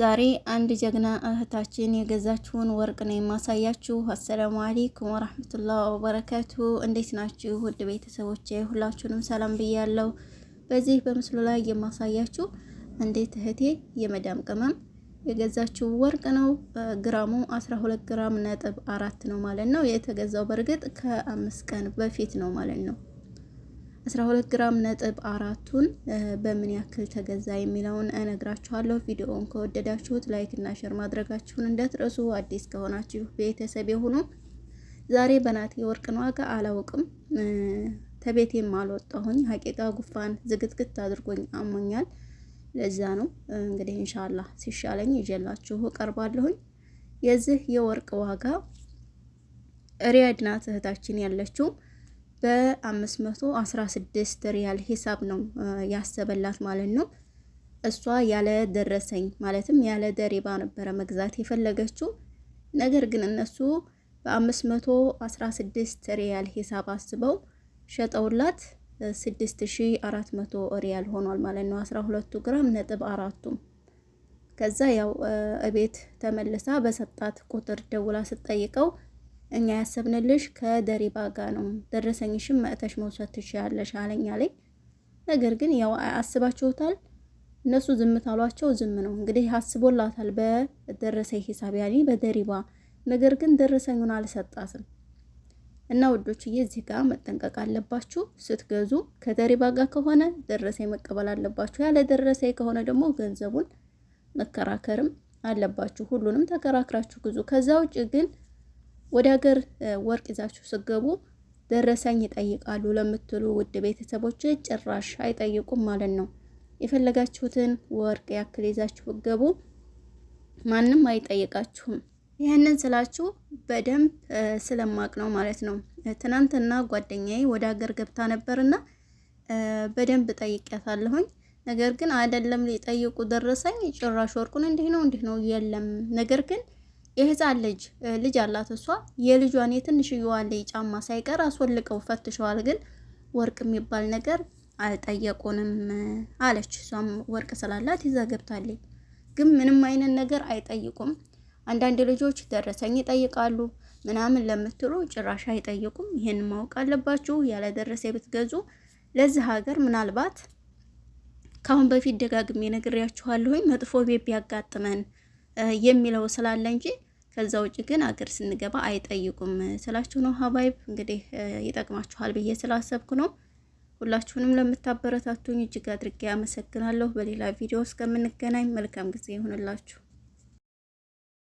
ዛሬ አንድ ጀግና እህታችን የገዛችውን ወርቅ ነው የማሳያችሁ። አሰላሙ አለይኩም ወራህመቱላህ ወበረከቱ። እንዴት ናችሁ ውድ ቤተሰቦቼ? ሁላችሁንም ሰላም ብያለሁ። በዚህ በምስሉ ላይ የማሳያችሁ እንዴት እህቴ የመዳም ቅመም የገዛችው ወርቅ ነው። ግራሙ 12 ግራም ነጥብ አራት ነው ማለት ነው። የተገዛው በእርግጥ ከአምስት ቀን በፊት ነው ማለት ነው። 12 ግራም ነጥብ አራቱን በምን ያክል ተገዛ የሚለውን እነግራችኋለሁ። ቪዲዮውን ከወደዳችሁት ላይክ እና ሼር ማድረጋችሁን እንዳትረሱ። አዲስ ከሆናችሁ ቤተሰብ የሆኑ ዛሬ በናቴ ወርቅን ዋጋ አላውቅም ተቤቴም አልወጣሁኝ። ሀቂቃ ጉፋን ዝግትግት አድርጎኝ አሞኛል። ለዛ ነው እንግዲህ እንሻላ ሲሻለኝ ይዤላችሁ እቀርባለሁኝ። የዚህ የወርቅ ዋጋ ሪያድ ናት እህታችን ያለችው በ516 ሪያል ሂሳብ ነው ያሰበላት ማለት ነው። እሷ ያለ ደረሰኝ ማለትም ያለ ደሪባ ነበረ መግዛት የፈለገችው። ነገር ግን እነሱ በ516 ሪያል ሂሳብ አስበው ሸጠውላት 6400 ሪያል ሆኗል ማለት ነው። 12 ግራም ነጥብ አራቱም ከዛ ያው እቤት ተመልሳ በሰጣት ቁጥር ደውላ ስጠይቀው እኛ ያሰብንልሽ ከደሪባ ጋ ነው፣ ደረሰኝሽም መእተሽ መውሰድ ትችያለሽ አለኝ አለኝ። ነገር ግን ያው አስባችሁታል፣ እነሱ ዝም ታሏቸው ዝም ነው እንግዲህ አስቦላታል፣ በደረሰኝ ሂሳብ ያኔ በደሪባ ነገር ግን ደረሰኙን አልሰጣትም። እና ወዶችዬ እዚህ ጋር መጠንቀቅ አለባችሁ። ስትገዙ ከደሪባ ጋር ከሆነ ደረሰኝ መቀበል አለባችሁ። ያለ ደረሰኝ ከሆነ ደግሞ ገንዘቡን መከራከርም አለባችሁ። ሁሉንም ተከራክራችሁ ግዙ። ከዛ ውጭ ግን ወደ ሀገር ወርቅ ይዛችሁ ስገቡ ደረሰኝ ይጠይቃሉ ለምትሉ ውድ ቤተሰቦች ጭራሽ አይጠይቁም ማለት ነው። የፈለጋችሁትን ወርቅ ያክል ይዛችሁ ብገቡ ማንም አይጠይቃችሁም። ይህንን ስላችሁ በደንብ ስለማቅ ነው ማለት ነው። ትናንትና ጓደኛዬ ወደ ሀገር ገብታ ነበርና በደንብ ጠይቄያታለሁኝ። ነገር ግን አይደለም ሊጠይቁ ደረሰኝ ጭራሽ ወርቁን እንዲህ ነው እንዲህ ነው የለም ነገር ግን የህፃን ልጅ ልጅ አላት እሷ የልጇን የትንሽየዋን ልጅ ጫማ ሳይቀር አስወልቀው ፈትሸዋል፣ ግን ወርቅ የሚባል ነገር አልጠየቁንም አለች። እሷም ወርቅ ስላላት ይዛ ገብታለች። ግን ምንም አይነት ነገር አይጠይቁም። አንዳንድ ልጆች ደረሰኝ ይጠይቃሉ ምናምን ለምትሉ ጭራሽ አይጠይቁም። ይህን ማወቅ አለባችሁ። ያለ ደረሰ ብትገዙ ለዚህ ሀገር ምናልባት ከአሁን በፊት ደጋግሜ ነግሬያችኋለሁኝ መጥፎ ቤት ቢያጋጥመን የሚለው ስላለ እንጂ ከዛ ውጭ ግን አገር ስንገባ አይጠይቁም ስላችሁ ነው ሀባይብ። እንግዲህ ይጠቅማችኋል ብዬ ስላሰብኩ ነው። ሁላችሁንም ለምታበረታቱኝ እጅግ አድርጌ አመሰግናለሁ። በሌላ ቪዲዮ እስከምንገናኝ መልካም ጊዜ ይሁንላችሁ።